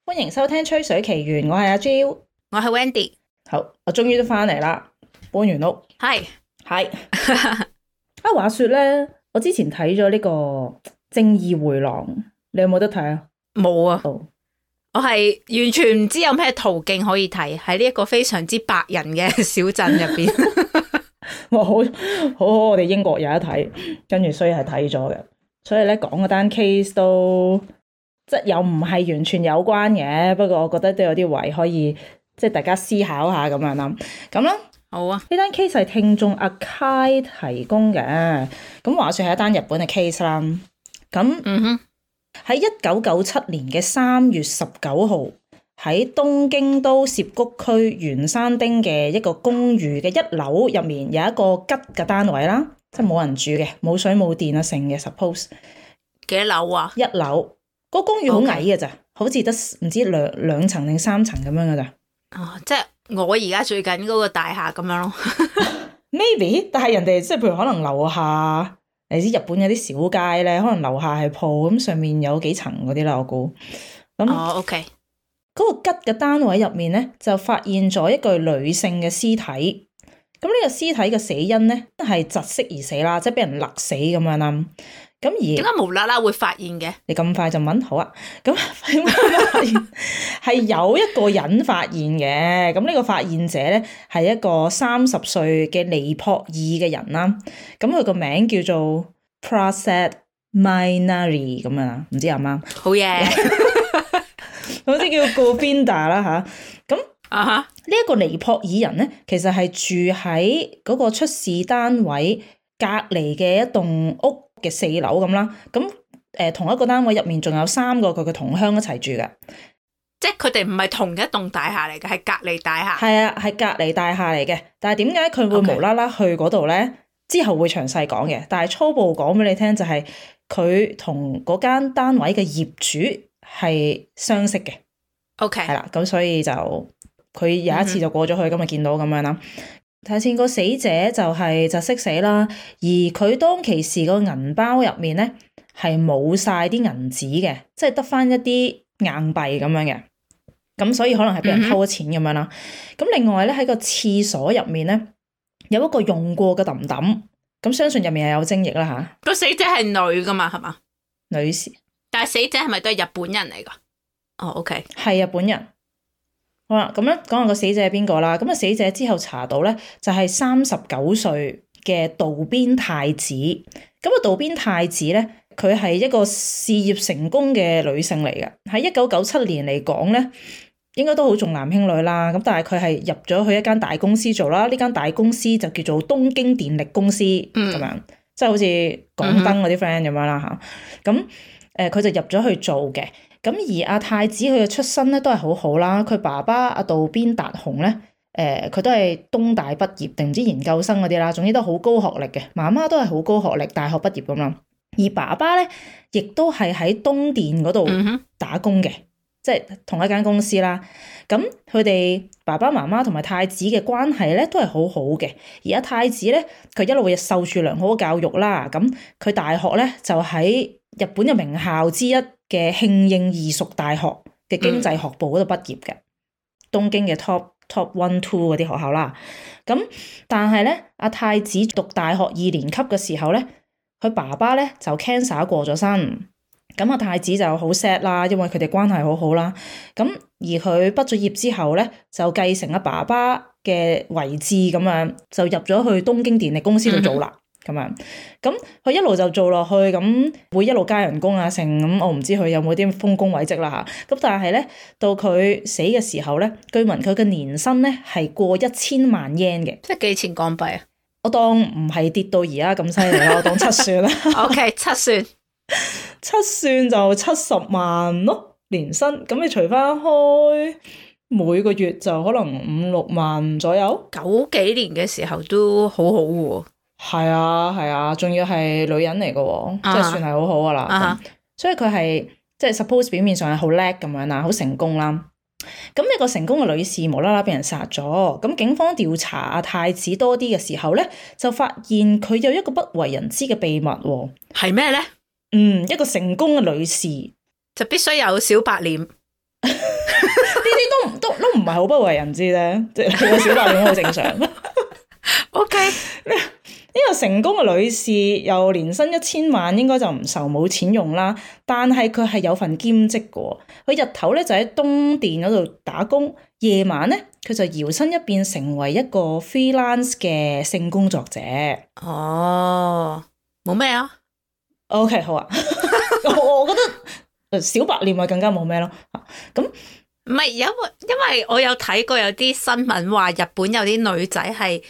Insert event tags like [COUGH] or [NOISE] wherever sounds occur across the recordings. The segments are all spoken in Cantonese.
歡迎收聽《吹水奇緣》，我係阿嬌，我係 Wendy。好，我終於都翻嚟啦，搬完屋。係係。啊，話說呢，我之前睇咗呢個《正義回廊》，你有冇得睇啊？冇啊。哦。我係完全唔知有咩途徑可以睇，喺呢一個非常之白人嘅小鎮入邊，我好好好我哋英國有一睇，跟住所以係睇咗嘅，所以咧講嗰單 case 都即又唔係完全有關嘅，不過我覺得都有啲位可以即係大家思考下咁樣諗，咁啦好啊，呢單 case 係聽眾阿 Kai 提供嘅，咁話說係一單日本嘅 case 啦，咁嗯哼。喺一九九七年嘅三月十九號，喺東京都涉谷區原山町嘅一個公寓嘅一樓入面，有一個吉嘅單位啦，即係冇人住嘅，冇水冇電啊，剩嘅。Suppose 幾多樓啊？一樓，個公寓矮 Okay. 好矮嘅咋，好似得唔知兩兩層定三層咁樣噶咋？哦，即係我而家最近嗰個大廈咁樣咯。 [LAUGHS] Maybe，但係人哋即係譬如可能樓下。嚟啲日本有啲小街咧，可能樓下係鋪，咁上面有幾層嗰啲啦，我估。咁，嗰個吉嘅單位入面咧，就發現咗一具女性嘅屍體。咁呢個屍體嘅死因咧，都係窒息而死啦，即係俾人勒死咁樣啦。咁而點解無啦啦會發現嘅？你咁快就問好啊？咁點解會發現係有一個人發現嘅？咁、這、呢個發現者咧係一個三十歲嘅尼泊爾嘅人啦。咁佢個名叫做 p r o [LAUGHS] s e d Minari，咁啊唔知啱唔啱？好嘢，嗰啲叫 Govinda 啦嚇。咁啊，呢一個尼泊爾人咧，其實係住喺嗰個出事單位隔離嘅一棟屋。嘅四樓咁啦，咁誒、呃、同一個單位入面仲有三個佢嘅同鄉一齊住嘅，即係佢哋唔係同一棟大廈嚟嘅，係隔籬大廈。係啊，係隔籬大廈嚟嘅。但係點解佢會無啦啦去嗰度咧？Okay. 之後會詳細講嘅，但係初步講俾你聽就係佢同嗰間單位嘅業主係相識嘅。OK，係啦，咁所以就佢有一次就過咗去，咁日見到咁樣啦。睇下先，個死者就係窒息死啦，而佢當其時個銀包入面咧係冇晒啲銀紙嘅，即係得翻一啲硬幣咁樣嘅，咁所以可能係俾人偷咗錢咁樣啦。咁、嗯、哼另外咧，喺個廁所入面咧，有一個用過嘅氈氈，咁相信入面係有精液啦嚇。個、啊、死者係女噶嘛？係嘛？女士。但係死者係咪都係日本人嚟噶？哦、oh，OK，係日本人。好啦，咁咧講下個死者係邊個啦？咁啊，死者之後查到咧，就係三十九歲嘅渡邊泰子。咁啊，渡邊泰子咧，佢係一個事業成功嘅女性嚟嘅。喺一九九七年嚟講咧，應該都好重男輕女啦。咁但係佢係入咗去一間大公司做啦。呢間大公司就叫做東京電力公司咁、嗯、樣，即係好似港燈嗰啲 friend 咁樣啦吓。咁誒、嗯哼，佢就入咗去做嘅。咁而阿太子佢嘅出身咧，都係好好啦，佢爸爸阿渡邊達雄咧，誒佢、呃、都係東大畢業定唔知研究生嗰啲啦，總之都好高學歷嘅。媽媽都係好高學歷，大學畢業咁樣。而爸爸咧，亦都係喺東電嗰度打工嘅，嗯、哼即係同一間公司啦。咁佢哋爸爸媽媽同埋太子嘅關係咧，都係好好嘅。而阿太子咧，佢一路受住良好嘅教育啦。咁佢大學咧就喺日本嘅名校之一嘅慶應二塾慶應義塾大學嘅經濟學部嗰度畢業嘅， [NOISE] 東京嘅 top top one two 嗰啲學校啦。咁但係咧，阿泰子讀大學二年級嘅時候咧，佢爸爸咧就 cancer 過咗身，咁阿泰子就好 sad 啦，因為佢哋關係好好啦。咁而佢畢咗業之後咧，就繼承阿爸爸嘅位置咁樣，就入咗去東京電力公司度做啦。 [NOISE] 咁啊，咁佢一路就做落去，咁會一路加人工啊，成咁我唔知佢有冇啲豐功偉績啦吓。咁但係咧，到佢死嘅時候咧，據聞佢嘅年薪咧係過一千萬 yen 嘅，即係幾錢港幣啊？我當唔係跌到而家咁犀利啦， [LAUGHS] 我當七算啦。 [LAUGHS] o、okay, K，七算，七算就七十萬咯年薪。咁你除翻開每個月就可能五六萬左右。九幾年嘅時候都好好、啊、嘅。係啊係啊，仲要係女人嚟嘅，uh huh. 即係算係好好噶啦。所以佢係即係 suppose 表面上係好叻咁樣啦，好成功啦。咁呢個成功嘅女士無啦啦俾人殺咗，咁警方調查阿泰子多啲嘅時候咧，就發現佢有一個不為人知嘅秘密。係咩咧？嗯，一個成功嘅女士就必須有小白臉，呢 [LAUGHS] 啲 [LAUGHS] 都都都唔係好不為人知咧，即係個小白臉好正常。O K。呢個成功嘅女士又年薪一千萬，應該就唔愁冇錢用啦。但係佢係有份兼職嘅，佢日頭咧就喺東電嗰度打工，夜晚咧佢就搖身一變成為一個 freelance 嘅性工作者。哦，冇咩啊？OK，好啊。我 [LAUGHS] [LAUGHS] 我覺得小白臉咪更加冇咩咯。咁唔係因因為我有睇過有啲新聞話日本有啲女仔係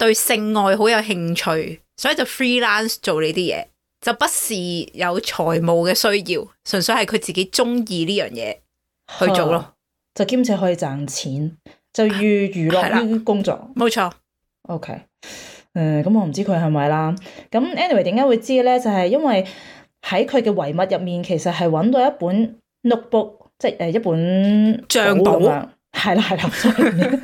對性愛好有興趣，所以就 freelance 做呢啲嘢，就不是有財務嘅需要，純粹係佢自己中意呢樣嘢去做咯，就兼且可以賺錢，就寓娛樂於工作，冇錯。OK，誒，咁我唔知佢係咪啦。咁 anyway 點解會知咧？就係因為喺佢嘅遺物入面，其實係揾到一本 notebook，bill 即係誒一本賬簿。Syndrome : [LAUGHS] 係啦，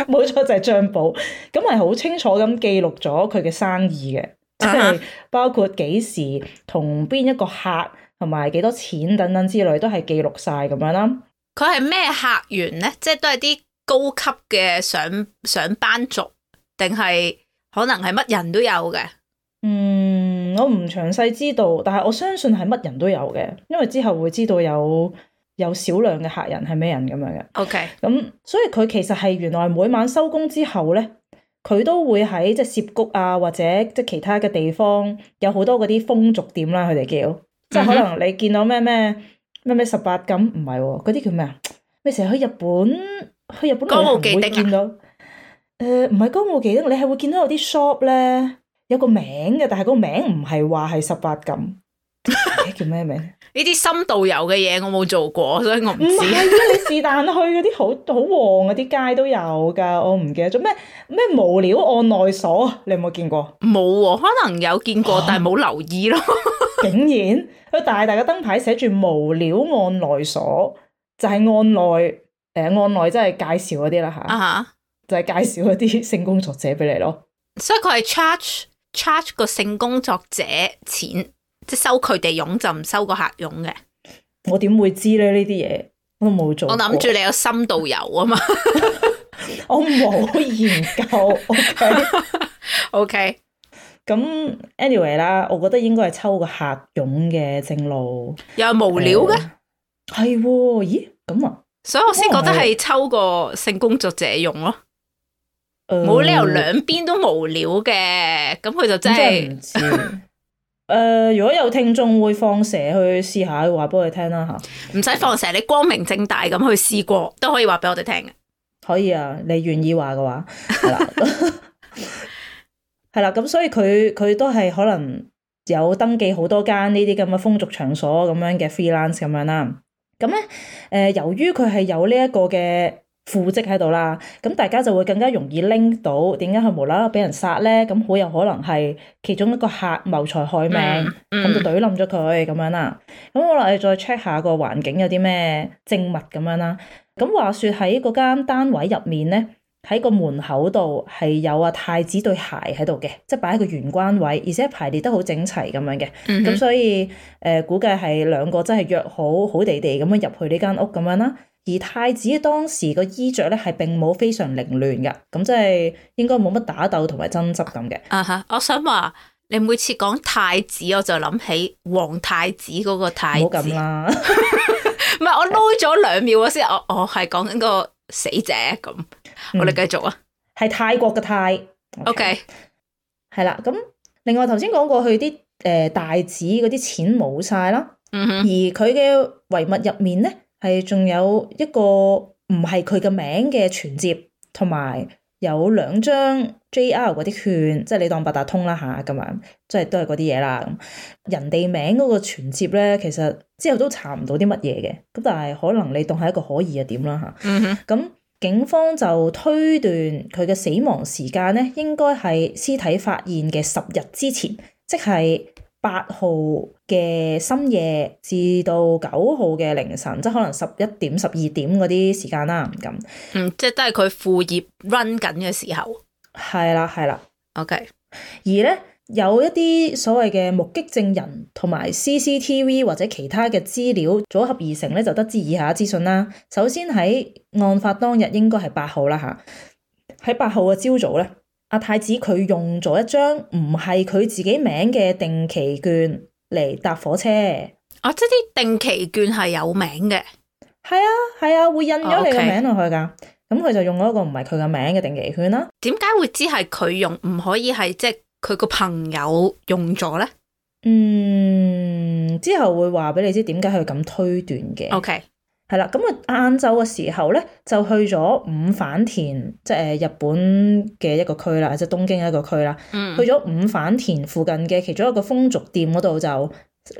冇 [LAUGHS] 錯就係、是、帳簿，咁係好清楚咁記錄咗佢嘅生意嘅，uh huh. 即係包括幾時同邊一個客，同埋幾多錢等等之類，都係記錄晒。咁樣啦。佢係咩客源咧？即係都係啲高級嘅上上班族，定係可能係乜人都有嘅？嗯，我唔詳細知道，但係我相信係乜人都有嘅，因為之後會知道有。有少量嘅客人係咩人咁樣嘅？OK，咁所以佢其實係原來每晚收工之後咧，佢都會喺即係涉谷啊，或者即係其他嘅地方有好多嗰啲風俗店啦，佢哋叫，即係可能你見到咩咩咩咩十八禁唔係喎，嗰啲叫咩啊？咩成日去日本去日本歌舞伎會見到，誒唔係歌舞伎的，你係會見到有啲 shop 咧，有個名嘅，但係個名唔係話係十八禁。 [LAUGHS] 叫咩名？呢啲深度遊嘅嘢我冇做過，所以我唔知。唔係啊，你是但去嗰啲好好旺嗰啲街都有噶，我唔記得咗咩咩無料案內所，你有冇見過？冇喎、哦，可能有見過，但係冇留意咯。 [LAUGHS] 竟然佢大大嘅燈牌寫住無料案內所，就係案內誒案內，即、呃、係介紹嗰啲啦吓。Uh huh. 就係介紹嗰啲性工作者俾你咯。所以佢係 charge charge 個性工作者錢。即係收佢哋佣就唔收個客佣嘅，我點會知咧？呢啲嘢，我都冇做。我諗住你有深度遊啊嘛，我冇研究。OK，咁 Anyway 啦，我覺得應該係抽個客佣嘅正路，又係無聊嘅，係咦咁啊？所以我先覺得係抽個性工作者用咯，冇理由兩邊都無聊嘅，咁佢就真係。誒、呃，如果有聽眾會放蛇去試下，話俾我哋聽啦吓，唔使放蛇，你光明正大咁去試過都可以話俾我哋聽嘅，可以啊，你願意話嘅話，係啦， [LAUGHS] [LAUGHS] 係啦，咁所以佢佢都係可能有登記好多間呢啲咁嘅風俗場所咁樣嘅 freelance 咁樣啦，咁咧誒，由於佢係有呢一個嘅。副職喺度啦，咁大家就會更加容易拎到。點解佢無啦啦俾人殺咧？咁好有可能係其中一個客謀財害命，咁、mm hmm. 就懟冧咗佢咁樣啦。咁好啦，我哋再 check 下個環境有啲咩證物咁樣啦。咁話說喺嗰間單位入面咧，喺個門口度係有阿太子對鞋喺度嘅，即係擺喺個玄關位，而且排列得好整齊咁樣嘅。咁、mm hmm. 所以誒、呃，估計係兩個真係約好好地地咁樣入去呢間屋咁樣啦。而太子當時個衣着咧，係並冇非常凌亂嘅，咁即係應該冇乜打鬥同埋爭執咁嘅。啊哈、uh！Huh. 我想話你每次講太子，我就諗起皇太子嗰個太子。唔好咁啦，唔係我撈咗兩秒啊先，我 [LAUGHS] 我係講緊個死者咁。我哋繼續啊，係、嗯、泰國嘅泰。O K，係啦。咁另外頭先講過去啲誒太子嗰啲錢冇晒啦。Mm hmm. 而佢嘅遺物入面咧。係，仲有一個唔係佢嘅名嘅存摺，同埋有，有兩張 JR 嗰啲券，即係你當八達通啦嚇，咁啊，即係都係嗰啲嘢啦。人哋名嗰個存摺咧，其實之後都查唔到啲乜嘢嘅，咁但係可能你當係一個可疑嘅點啦吓，咁、mm hmm. 警方就推斷佢嘅死亡時間咧，應該係屍體發現嘅十日之前，即係。八號嘅深夜至到九號嘅凌晨，即係可能十一點、十二點嗰啲時間啦，咁。嗯，即係都係佢副業 run 緊嘅時候。係啦，係啦。OK 而，而咧有一啲所謂嘅目擊證人同埋 CCTV 或者其他嘅資料組合而成咧，就得知以下資訊啦。首先喺案發當日應該係八號啦，嚇。喺八號嘅朝早咧，阿泰子佢用咗一張唔係佢自己名嘅定期券嚟搭火車。啊，即係啲定期券係有名嘅。係啊，係啊，會印咗你嘅名落去噶。咁佢、哦 okay. 就用咗一個唔係佢嘅名嘅定期券啦。點解會只係佢用？唔可以係即係佢個朋友用咗咧？嗯，之後會話俾你知點解佢咁推斷嘅。OK。係啦，咁啊晏晝嘅時候咧，就去咗五反田，即係誒日本嘅一個區啦，即係東京一個區啦。嗯、去咗五反田附近嘅其中一個風俗店嗰度，就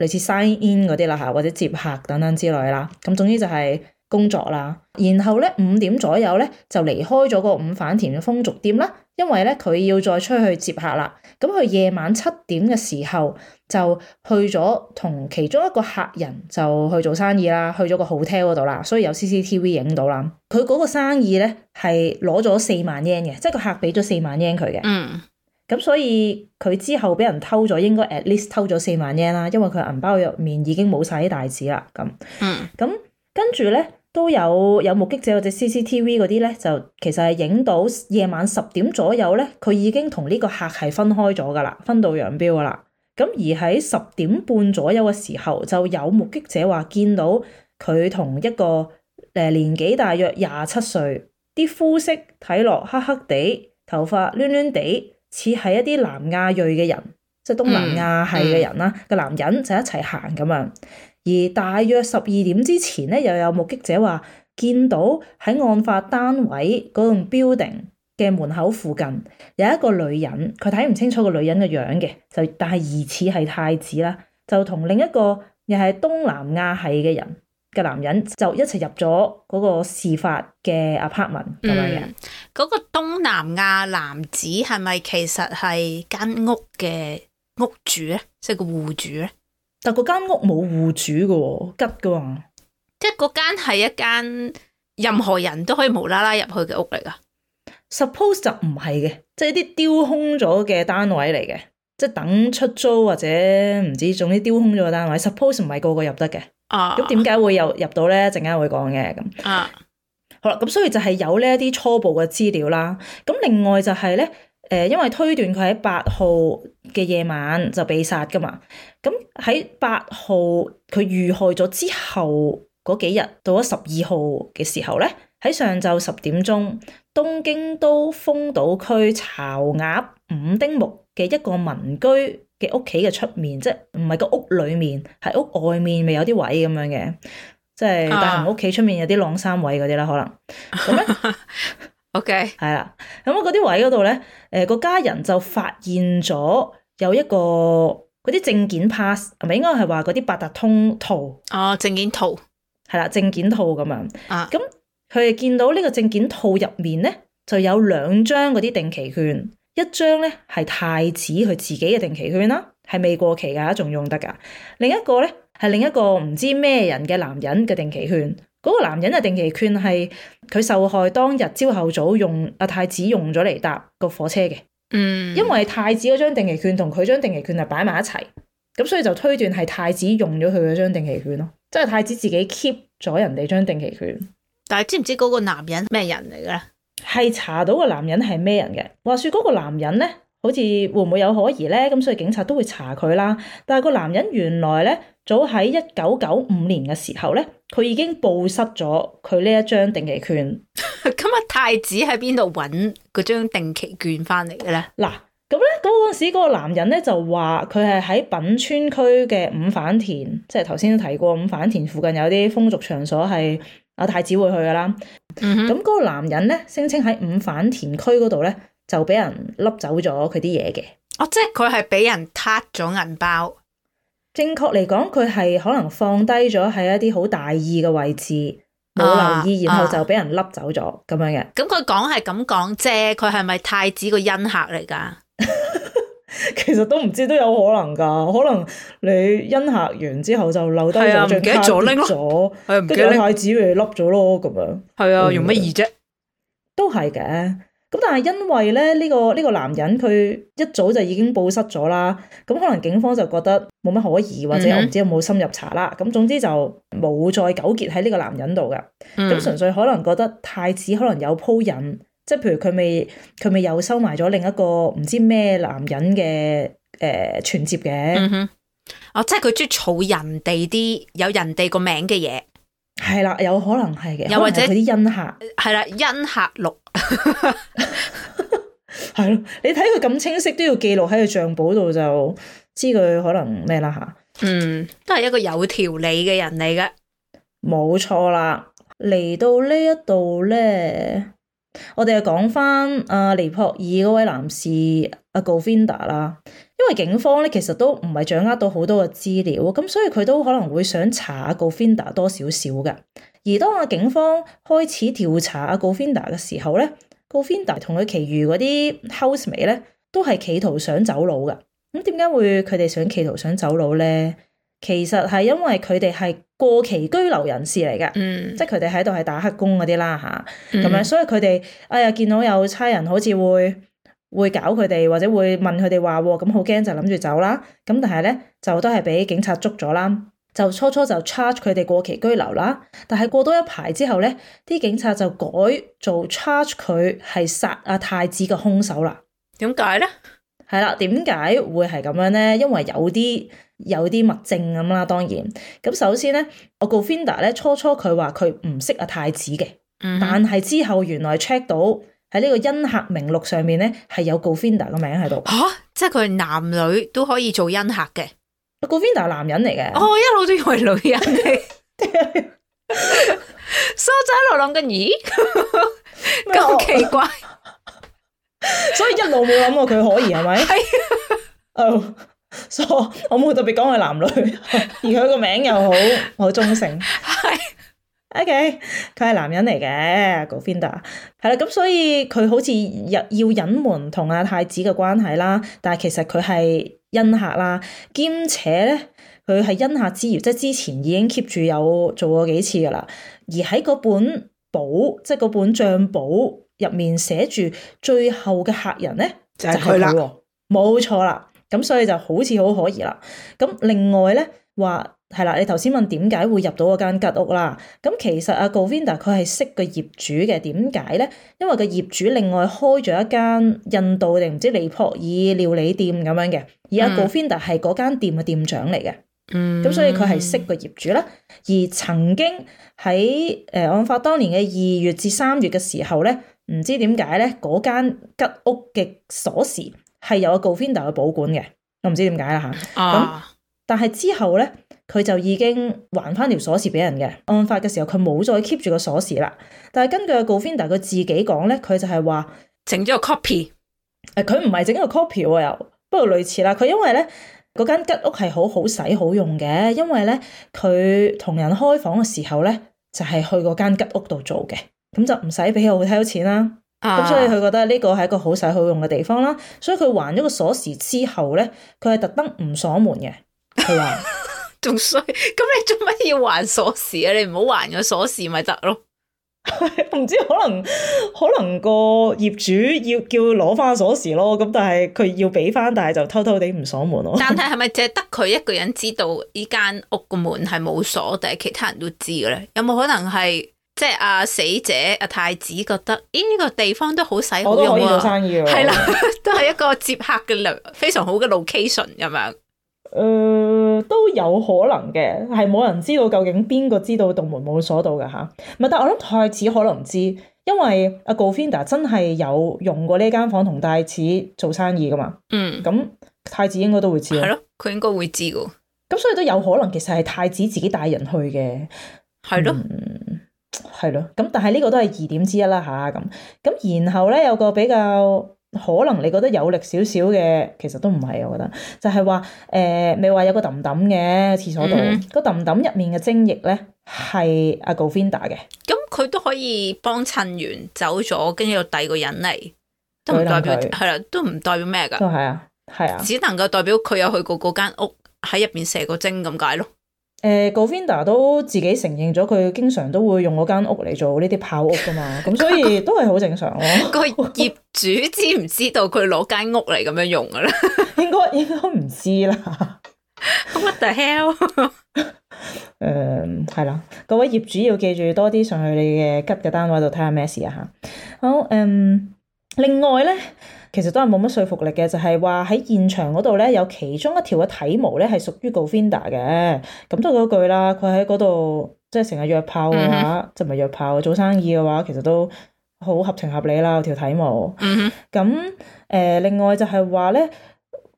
類似嘥煙嗰啲啦嚇，或者接客等等之類啦。咁總之就係、是，工作啦，然後咧，五點左右咧就離開咗個五反田嘅風俗店啦，因為咧佢要再出去接客啦。咁佢夜晚七點嘅時候就去咗同其中一個客人就去做生意啦，去咗個 hotel 嗰度啦，所以有 CCTV 影到啦。佢嗰個生意咧係攞咗四萬 yen 嘅，即係個客俾咗四萬 yen 佢嘅。嗯，咁所以佢之後俾人偷咗，應該 at least 偷咗四萬 yen 啦，因為佢銀包入面已經冇晒啲大紙啦。咁，嗯，咁跟住咧。都有有目擊者或者 CCTV 嗰啲咧，就其實係影到夜晚十點左右咧，佢已經同呢個客係分開咗㗎喇，分道揚鑣㗎喇。咁而喺十點半左右嘅時候，就有目擊者話見到佢同一個誒年紀大約廿七歲，啲膚色睇落黑黑地，頭髮攣攣地，似係一啲南亞裔嘅人，即係東南亞系嘅人啦，個、嗯嗯、男人就一齊行咁樣。而大約十二點之前咧，又有目擊者話見到喺案發單位嗰棟 building 嘅門口附近有一個女人，佢睇唔清楚個女人嘅樣嘅，就但係疑似係泰子啦，就同另一個又係東南亞系嘅人嘅男人就一齊入咗嗰個事發嘅 apartment 咁、嗯、樣嘅。嗰個東南亞男子係咪其實係間屋嘅屋主咧，即係個戶主咧？但嗰間屋冇戶主嘅喎、哦，吉嘅喎，即係嗰間係一間任何人都可以無啦啦入去嘅屋嚟㗎。Suppose 就唔係嘅，即係一啲丟空咗嘅單位嚟嘅，即、就、係、是、等出租或者唔知總之丟空咗嘅單位。Suppose 唔係個個,個入得嘅，咁點解會有入到咧？陣間會講嘅咁。啊，好啦，咁所以就係有呢一啲初步嘅資料啦。咁另外就係咧。誒，因為推斷佢喺八號嘅夜晚就被殺噶嘛，咁喺八號佢遇害咗之後嗰幾日，到咗十二號嘅時候咧，喺上晝十點鐘，東京都豐島區巢鴨五丁目嘅一個民居嘅屋企嘅出面，即係唔係個屋裏面，係屋外面咪有啲位咁樣嘅，即係大門屋企出面有啲晾衫位嗰啲啦，可能。啊 [LAUGHS] O K，係啦，咁嗰啲位嗰度咧，誒個家人就發現咗有一個嗰啲證件 pass，係咪應該係話嗰啲八達通套？哦、啊，證件套，係啦，證件套咁樣。啊，咁佢哋見到呢個證件套入面咧，就有兩張嗰啲定期券，一張咧係泰子佢自己嘅定期券啦，係未過期㗎，仲用得㗎。另一個咧係另一個唔知咩人嘅男人嘅定期券。嗰個男人嘅定期券係佢受害當日朝後早用阿太子用咗嚟搭個火車嘅，嗯，因為太子嗰張定期券同佢張定期券係擺埋一齊，咁所以就推斷係太子用咗佢嗰張定期券咯，即係太子自己 keep 咗人哋張定期券。但係知唔知嗰個男人咩人嚟嘅咧？係查到個男人係咩人嘅？話説嗰個男人咧，好似會唔會有可疑咧？咁所以警察都會查佢啦。但係個男人原來咧。早喺一九九五年嘅時候咧，佢已經報失咗佢呢一張定期券。 [LAUGHS] 今日太子喺邊度搵嗰張定期券翻嚟嘅咧？嗱，咁咧嗰陣時嗰個男人咧就話佢係喺品川區嘅五反田，即係頭先都提過五反田附近有啲風俗場所係阿太子會去噶啦。咁嗰、嗯、哼個男人咧聲稱喺五反田區嗰度咧就俾人笠走咗佢啲嘢嘅。哦，即係佢係俾人撻咗銀包。正確嚟講，佢係可能放低咗喺一啲好大意嘅位置，冇、啊、留意，然後就俾人笠走咗咁樣嘅。咁佢講係咁講啫，佢係咪太子個恩客嚟噶？ [LAUGHS] 其實都唔知都有可能㗎，可能你恩客完之後就留低咗張卡，唔記得咗拎咗，跟住太子嚟笠咗咯，咁樣。係啊，嗯、用乜嘢啫？都係嘅。咁但係因為咧，呢、這個呢、這個男人佢一早就已經報失咗啦，咁可能警方就覺得冇乜可疑，或者我唔知有冇深入查啦，咁、嗯、哼總之就冇再糾結喺呢個男人度噶，咁純粹可能覺得泰子可能有鋪引，即係譬如佢未佢未有收埋咗另一個唔知咩男人嘅誒，存摺嘅，哦，即係佢中意儲人哋啲有人哋個名嘅嘢。係啦，有可能係嘅，又或者係啲恩客，係啦，恩客錄，係 [LAUGHS] 咯， [LAUGHS] 你睇佢咁清晰，都要記錄喺佢賬簿度就知佢可能咩啦，吓。嗯，都係一個有條理嘅人嚟嘅，冇錯啦。嚟到呢一度咧，我哋又講翻阿尼泊爾嗰位男士阿 Govinda 啦，Govinda，因為警方咧其實都唔係掌握到好多嘅資料，咁所以佢都可能會想查阿 Govinda 多少少嘅。而當阿警方開始調查阿 Govinda 嘅時候咧，Govinda 同佢其餘嗰啲 housemate 咧都係企圖想走佬㗎。咁點解會佢哋想企圖想走佬咧？其實係因為佢哋係。過期居留人士嚟嘅，嗯、即係佢哋喺度係打黑工嗰啲啦吓，咁樣所以佢哋哎呀見到有差人好似會會搞佢哋，或者會問佢哋話，咁好驚，就諗住走啦。咁但係咧就都係俾警察捉咗啦，就初初就 charge 佢哋過期居留啦。但係過多一排之後咧，啲警察就改做 charge 佢係殺阿太子嘅兇手啦。點解咧？係啦，點解會係咁樣咧？因為有啲。有啲物證咁啦，當然。咁首先咧，我 Gofinda 咧初初佢話佢唔識阿泰子嘅，嗯、哼但係之後原來 check 到喺呢個恩客名錄上面咧係有 Gofinda 個名喺度。吓、哦，即係佢男女都可以做恩客嘅。Gofinda e、啊、男人嚟嘅，我、哦、一路都以為女人嚟。收咗落兩根咦？咁 [LAUGHS] 奇怪，麼 [LAUGHS] 所以一路冇諗過佢可以係咪？哦。所以，so, 我冇特別講佢男女， [LAUGHS] 而佢個名又好，好中性。係 [LAUGHS] ，OK，佢係男人嚟嘅 Govinda 係啦，咁 [LAUGHS] 所以佢好似要隱瞞同阿泰子嘅關係啦，但係其實佢係恩客啦。兼且咧，佢係恩客之餘，即係之前已經 keep 住有做過幾次噶啦。而喺嗰本,、就是、本簿，即係嗰本賬簿入面寫住最後嘅客人咧，就係佢啦，冇錯啦。咁所以就好似好可疑啦。咁另外咧，話係啦，你頭先問點解會入到嗰間吉屋啦？咁其實阿 Govinda 佢係識個業主嘅。點解咧？因為個業主另外開咗一間印度定唔知尼泊爾料理店咁樣嘅，而阿 Govinda 係嗰間店嘅店長嚟嘅。嗯。咁所以佢係識個業主啦。而曾經喺誒案發當年嘅二月至三月嘅時候咧，唔知點解咧，嗰間吉屋嘅鎖匙，係由阿 Govinda 去保管嘅，我唔知點解啦嚇。咁、啊、但係之後咧，佢就已經還翻條鎖匙俾人嘅。案發嘅時候，佢冇再 keep 住個鎖匙啦。但係根據阿 Govinda 佢自己講咧，佢就係話整咗個 copy。誒、哎，佢唔係整咗個 copy 喎，又不過類似啦。佢因為咧嗰間吉屋係好好使好用嘅，因為咧佢同人開房嘅時候咧，就係、是、去嗰間吉屋度做嘅，咁就唔使俾酒店錢啦。咁、啊、所以佢覺得呢個係一個好使好用嘅地方啦，所以佢還咗個鎖匙之後咧，佢係特登唔鎖門嘅，係嘛？仲衰， [LAUGHS] 咁你做乜要還鎖匙啊？你唔好還咗鎖匙咪得咯？唔 [LAUGHS] 知可能可能個業主要叫佢攞翻鎖匙咯，咁但係佢要俾翻，但係就偷偷地唔鎖門咯。 [LAUGHS] 但係係咪淨係得佢一個人知道呢間屋個門係冇鎖，定係其他人都知嘅咧？有冇可能係？即係阿、啊、死者阿太子覺得，咦呢、這個地方都好使都可以做生意喎，係啦、嗯， [LAUGHS] 都係一個接客嘅良好， [LAUGHS] 非常好嘅 location 咁樣。誒、呃，都有可能嘅，係冇人知道究竟邊個知道道門冇鎖到嘅吓。係、啊，但係我諗太子可能知，因為阿 Govinda 真係有用過呢間房同太子做生意噶嘛。嗯，咁太子應該都會知係咯，佢應該會知嘅。咁所以都有可能，其實係太子自己帶人去嘅，係咯的。嗯係咯，咁、嗯、但係呢個都係疑點之一啦吓，咁咁然後咧有個比較可能你覺得有力少少嘅，其實都唔係，我覺得就係話誒，你、呃、話有個氹氹嘅廁所度，嗯、個氹氹入面嘅精液咧係阿 Govinda 嘅，咁佢都可以幫襯完走咗，跟住又第個人嚟，都唔代表係啦、嗯，都唔代表咩噶，都係啊，係啊，只能夠代表佢有去過嗰間屋喺入邊射過精咁解咯。誒、呃、Govinda 都自己承認咗，佢經常都會用嗰間屋嚟做呢啲爆屋噶嘛，咁所以都係好正常咯。個業主知唔知道佢攞間屋嚟咁樣用噶咧？應該應該唔知啦。What the hell？誒，係啦，各位業主要記住多啲上去你嘅吉嘅單位度睇下咩事啊！吓好誒、嗯，另外咧。其實都係冇乜說服力嘅，就係話喺現場嗰度咧，有其中一條嘅體毛咧係屬於 Govinda 嘅。咁都嗰句啦，佢喺嗰度即係成日約炮嘅話，mm hmm. 即唔係約炮，做生意嘅話，其實都好合情合理啦。條體毛咁誒，另外就係話咧，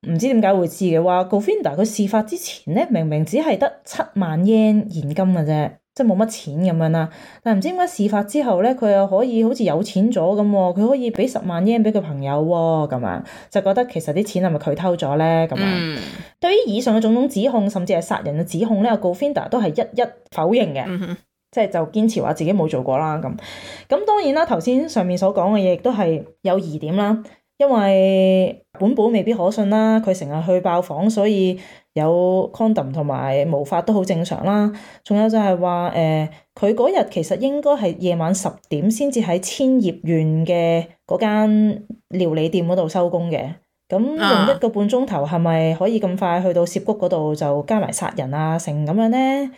唔知點解會知嘅話，Govinda 佢事發之前咧，明明只係得七萬 yen 現金嘅啫。即係冇乜錢咁樣啦，但係唔知點解事發之後咧，佢又可以好似有錢咗咁喎，佢可以俾十萬日圓俾佢朋友喎，咁啊樣，就覺得其實啲錢係咪佢偷咗咧咁樣？嗯、對於以上嘅種種指控，甚至係殺人嘅指控咧，Govinda 都係一一否認嘅，嗯、哼即係就堅持話自己冇做過啦咁。咁當然啦，頭先上面所講嘅嘢亦都係有疑點啦。因為本寶未必可信啦，佢成日去爆房，所以有 condom 同埋毛髮都好正常啦。仲有就係話誒，佢嗰日其實應該係夜晚十點先至喺千葉縣嘅嗰間料理店嗰度收工嘅。咁用一個半鐘頭係咪可以咁快去到涉谷嗰度就加埋殺人啊？成咁樣咧？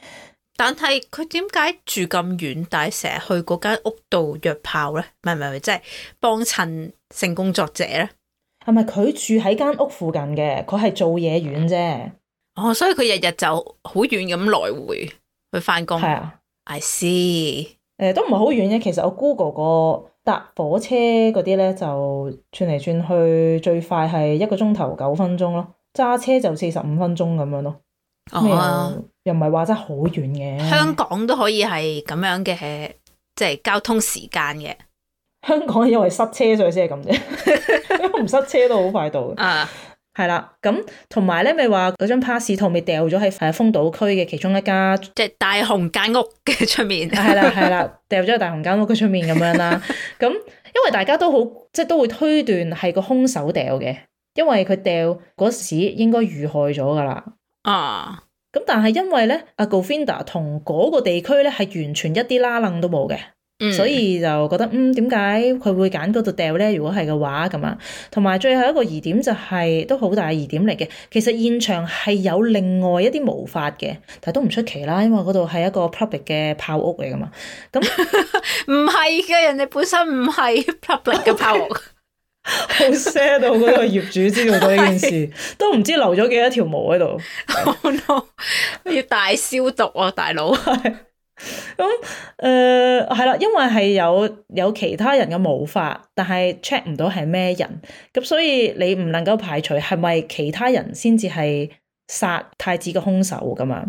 但係佢點解住咁遠，但係成日去嗰間屋度約炮咧？唔係唔係，即係幫襯性工作者咧？係咪佢住喺間屋附近嘅？佢係做嘢遠啫。哦，所以佢日日就好遠咁來回去翻工。係啊，I see。誒、呃，都唔係好遠嘅。其實我 Google 個搭火車嗰啲咧，就轉嚟轉去最快係一個鐘頭九分鐘咯，揸車就四十五分鐘咁樣咯。哦，又唔係話真係好遠嘅，香港都可以係咁樣嘅，即係交通時間嘅。香港因為塞車所以先係咁啫，因為唔 [LAUGHS] 塞車都好快到嘅。啊，係啦，咁同埋咧，咪話嗰張 pass 套咪掉咗喺誒豐島區嘅其中一家即係大雄間屋嘅出面。係啦係啦，掉咗喺大雄間屋嘅出面咁 [LAUGHS] 樣啦。咁因為大家都好，即係都會推斷係個兇手掉嘅，因為佢掉嗰時應該遇害咗噶啦。啊，咁但係因為咧，阿 Govinda 同嗰個地區咧係完全一啲啦楞都冇嘅。嗯、所以就覺得嗯，點解佢會揀嗰度掉咧？如果係嘅話咁啊，同埋最後一個疑點就係、是、都好大嘅疑點嚟嘅。其實現場係有另外一啲毛髮嘅，但係都唔出奇啦，因為嗰度係一個 public 嘅炮屋嚟噶嘛。咁唔係嘅，人哋本身唔係 public 嘅炮屋。 [LAUGHS] 好 sad 到嗰個業主知道到呢件事，都唔知留咗幾多條毛喺度，要大消毒啊，大佬。咁誒係啦，因為係有有其他人嘅毛髮，但係 check 唔到係咩人，咁所以你唔能夠排除係咪其他人先至係。殺太子嘅兇手咁樣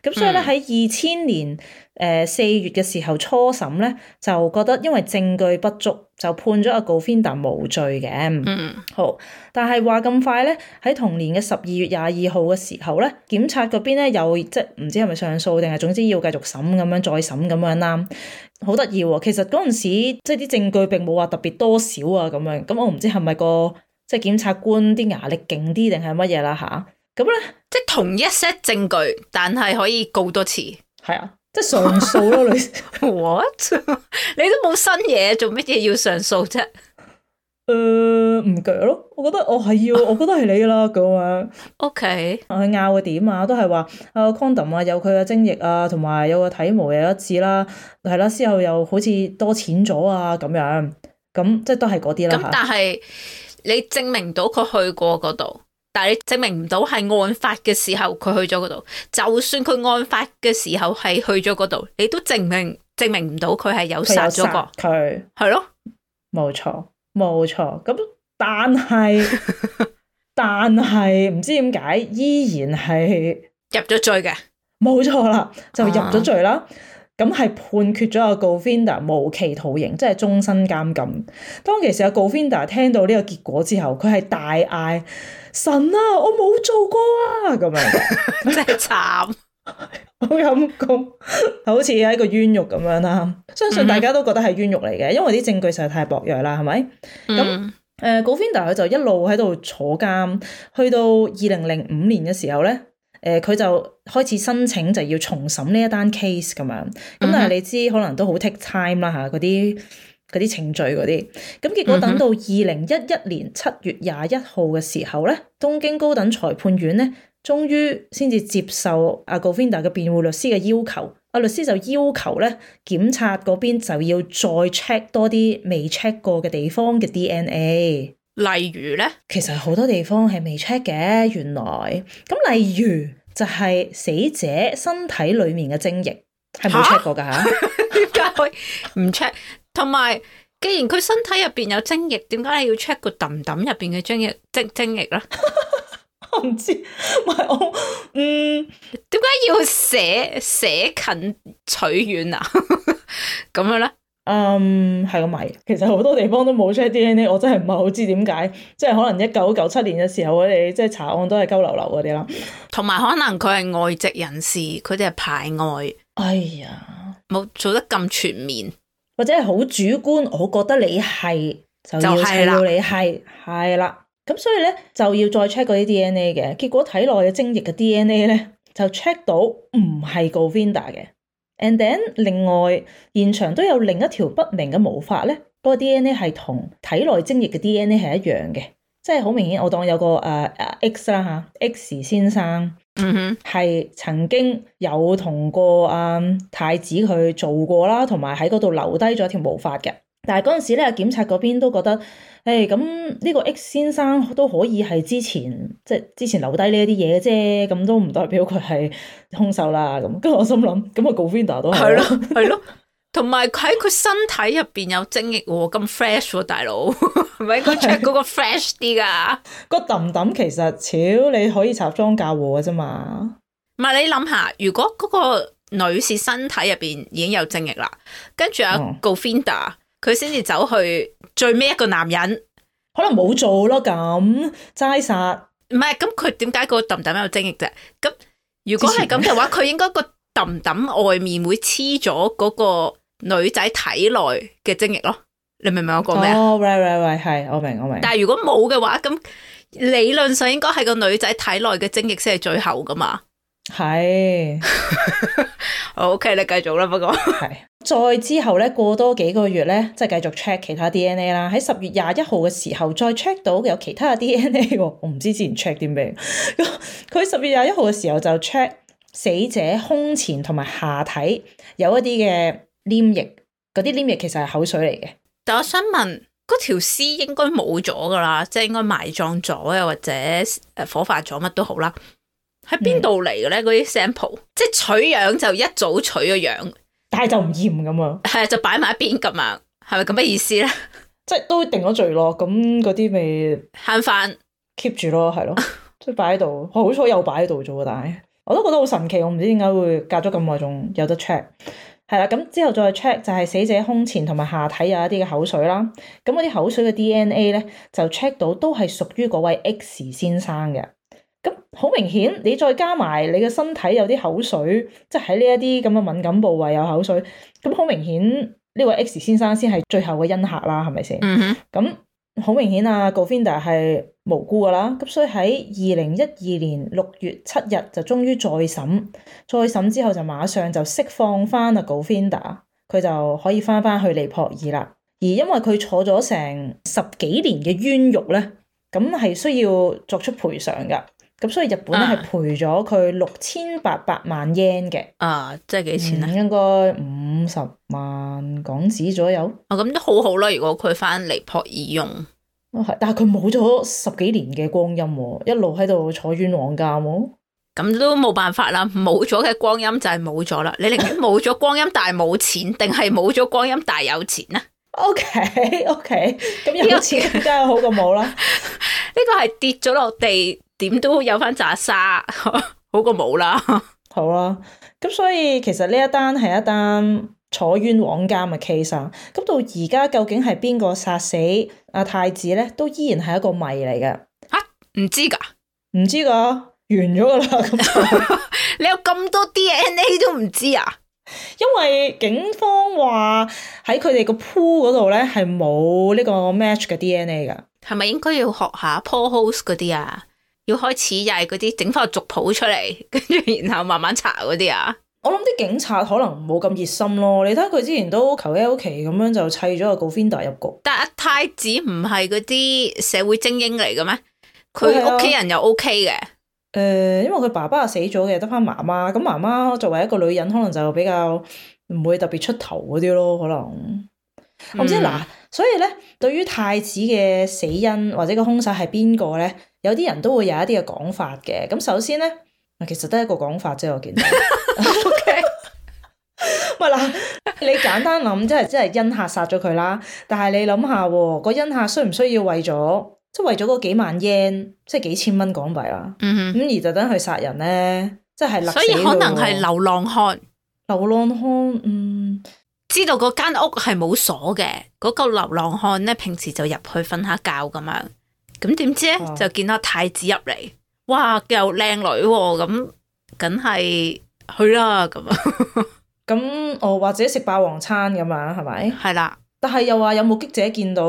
咁，所以咧喺二千年誒四月嘅時候初審咧，就覺得因為證據不足，就判咗阿高 o f f i n d 無罪嘅。嗯，好，但係話咁快咧，喺同年嘅十二月廿二號嘅時候咧，檢察嗰邊咧又即係唔知係咪上訴定係總之要繼續審咁樣再審咁樣啦，好得意喎。其實嗰陣時即係啲證據並冇話特別多少啊咁樣咁，我唔知係咪個即係檢察官啲壓力勁啲定係乜嘢啦嚇。咁咧，呢即係同一 set 證據，但係可以告多次，係啊，即係上訴咯。你 [LAUGHS] [LAUGHS] what？ [LAUGHS] 你都冇新嘢，做乜嘢要上訴啫？誒、呃，唔鋸咯，我覺得我係要，我覺得係你㗎啦，咁樣。O K，我喺拗佢點啊，都係話啊，condom 啊，有佢嘅精液啊，同埋有個體毛又一次啦，係啦麼，之後又好似多錢咗啊，咁樣麼，咁即係都係嗰啲啦。咁但係你證明到佢去過嗰度？但係你證明唔到係案發嘅時候佢去咗嗰度，就算佢案發嘅時候係去咗嗰度，你都證明證明唔到佢係有殺咗佢，係咯，冇錯冇錯。咁但係但係唔 [LAUGHS] 知點解依然係入咗罪嘅，冇錯啦，就入咗罪啦。咁係、啊、判決咗阿 Govinda 無期徒刑，即係終身監禁。當其時阿 Govinda 聽到呢個結果之後，佢係大嗌。神啊，我冇做過啊，咁樣 [LAUGHS] 真係慘。 [LAUGHS] 好陰醉公， [LAUGHS] 好似係一個冤獄咁樣啦。相信大家都覺得係冤獄嚟嘅，因為啲證據實在太薄弱啦，係咪？咁誒、嗯呃、Govinda 佢就一路喺度坐監，去到二零零五年嘅時候咧，誒、呃、佢就開始申請就要重審呢一單 case 咁樣。咁但係你知，可能都好 take time 啦嚇，嗰、啊、啲。嗰啲程序嗰啲，咁結果等到二零一一年七月廿一號嘅時候咧，嗯、哼東京高等裁判院咧，終於先至接受阿 Govinda 嘅辯護律師嘅要求，阿律師就要求咧，檢察嗰邊就要再 check 多啲未 check 過嘅地方嘅 DNA，例如咧，其實好多地方係未 check 嘅，原來咁，例如就係死者身體裡面嘅精液係冇 check 過噶嚇、啊，點解唔 check？同埋，既然佢身體入邊有精液，點解你要 check 個氹氹入邊嘅精液精，精液咧？ [LAUGHS] 我唔知，唔係我嗯，點解要寫寫近取遠啊？咁樣咧，嗯，係個謎。其實好多地方都冇 check DNA，我真係唔係好知點解。即係可能一九九七年嘅時候，我哋即係查案都係鳩流流嗰啲啦。同埋，可能佢係外籍人士，佢哋係排外。哎呀，冇做得咁全面。或者係好主觀，我覺得你係就要 check 你係係啦，咁所以咧就要再 check 嗰啲 D N A 嘅結果，體內嘅精液嘅 D N A 咧就 check 到唔係 Govinda 嘅，and then 另外現場都有另一條不明嘅毛髮咧，嗰、那個 D N A 係同體內精液嘅 D N A 係一樣嘅，即係好明顯，我當有個誒、uh, uh, X 啦吓 X 先生。嗯哼，係曾經有同過阿泰子佢做過啦，同埋喺嗰度留低咗一條毛髮嘅。但係嗰陣時咧，檢察嗰邊都覺得，誒、欸，咁呢個 X 先生都可以係之前即係之前留低呢一啲嘢啫，咁都唔代表佢係兇手啦。咁，跟住我心諗，咁啊 Govinda 都係咯，係咯。 [LAUGHS] 同埋佢喺佢身體入邊有精液喎，咁 fresh 喎、啊，大佬，咪佢着嗰個 fresh 啲噶？個氹氹其實，超你可以插贓嫁禍嘅啫嘛。唔係，你諗下，如果嗰個女士身體入邊已經有精液啦，跟住阿 Govinda 佢先至走去最尾一個男人，可能冇做咯，咁齋殺。唔係，咁佢點解個氹氹有精液啫？咁如果係咁嘅話，佢前應該個氹氹外面會黐咗嗰個。女仔體內嘅精液咯，你明唔明我講咩啊？喂，喂，喂，h 係，我明，我明。但係如果冇嘅話，咁理論上應該係個女仔體內嘅精液先係最後噶嘛？係 [NOISE] 是 [LAUGHS] ，OK，你繼續啦。不過係 [LAUGHS] [NOISE] 再之後咧，過多幾個月咧，即係繼續 check 其他 DNA 啦。喺十月廿一號嘅時候，再 check 到有其他嘅 DNA 喎。我唔知之前 check 啲咩。咁佢十月廿一號嘅時候就 check 死者胸前同埋下體有一啲嘅。黏液嗰啲黏液其實係口水嚟嘅，但我想問，嗰條屍應該冇咗噶啦，即係應該埋葬咗啊，或者誒火化咗乜都好啦，喺邊度嚟嘅咧？嗰啲 sample 即係取樣就一早取咗樣，但係就唔驗咁啊？係啊，就擺埋一邊咁樣，係咪咁嘅意思咧？即係都定咗罪咯，咁嗰啲咪慳翻 keep 住咯，係咯，都擺喺度。好彩又擺喺度啫，但係我都覺得好神奇，我唔知點解會隔咗咁耐仲有得 check。係啦，咁之後再 check 就係死者胸前同埋下體有一啲嘅口水啦，咁嗰啲口水嘅 DNA 咧就 check 到都係屬於嗰位 X 先生嘅，咁好明顯你再加埋你嘅身體有啲口水，即係喺呢一啲咁嘅敏感部位有口水，咁好明顯呢位 X 先生先係最後嘅恩客啦，係咪先？嗯，咁好明顯啊，個 offender 係。無辜噶啦，咁所以喺二零一二年六月七日就終於再審，再審之後就馬上就釋放翻阿 Govinda 佢就可以翻翻去尼泊爾啦。而因為佢坐咗成十幾年嘅冤獄咧，咁係需要作出賠償噶，咁所以日本係賠咗佢六千八百萬 yen 嘅、啊，啊，即係幾錢啊、嗯？應該五十萬港紙左右。哦、啊，咁都好好啦，如果佢翻尼泊爾用。但係佢冇咗十幾年嘅光陰，一路喺度坐冤枉監，咁都冇辦法啦。冇咗嘅光陰就係冇咗啦。你寧願冇咗光陰， [LAUGHS] 但係冇錢，定係冇咗光陰但係有錢呢？O K O K，咁有錢梗真係好過冇啦。呢這個係 [LAUGHS] 跌咗落地，點都有翻拃沙， [LAUGHS] 好過冇啦。 [LAUGHS] 好啦，咁所以其實呢一單係一單坐冤枉監咪 case 咁，到而家究竟係邊個殺死阿太子咧？都依然係一個謎嚟嘅嚇，唔知㗎，唔知㗎，完咗㗎啦！ [LAUGHS] [LAUGHS] 你有咁多 DNA 都唔知啊？因為警方話喺佢哋個 pool 嗰度咧係冇呢個 match 嘅 DNA 㗎。係咪應該要學下 po host 嗰啲啊？要開始就係嗰啲整翻個族譜出嚟，跟住然後慢慢查嗰啲啊？我諗啲警察可能冇咁熱心咯，你睇下佢之前都求其喺屋企咁樣就砌咗個 Gofinder 入局。但泰子唔係嗰啲社會精英嚟嘅咩？佢屋企人又 OK 嘅。誒、呃，因為佢爸爸啊死咗嘅，得翻媽媽。咁媽媽作為一個女人，可能就比較唔會特別出頭嗰啲咯。可能我唔知嗱、嗯，所以咧，對於泰子嘅死因或者個凶手係邊個咧，有啲人都會有一啲嘅講法嘅。咁首先咧。其實都係一個講法啫，我見到。OK，係啦，你簡單諗，即係即係恩客殺咗佢啦。但係你諗下，嗰個恩客需唔需要為咗即係為咗嗰幾萬 yen，即係幾千蚊港幣啦？嗯咁哼而就等佢殺人咧，即係所以可能係流浪漢。流浪漢，嗯，知道嗰間屋係冇鎖嘅，嗰、嗰個流浪漢咧平時就入去瞓下覺咁樣。咁點知咧哇就見到泰子入嚟。哇，又靚女咁，梗、嗯、係去啦咁，咁哦、 [LAUGHS] 嗯、或者食霸王餐咁啊，係咪？係啦的，但係又話有目擊者見到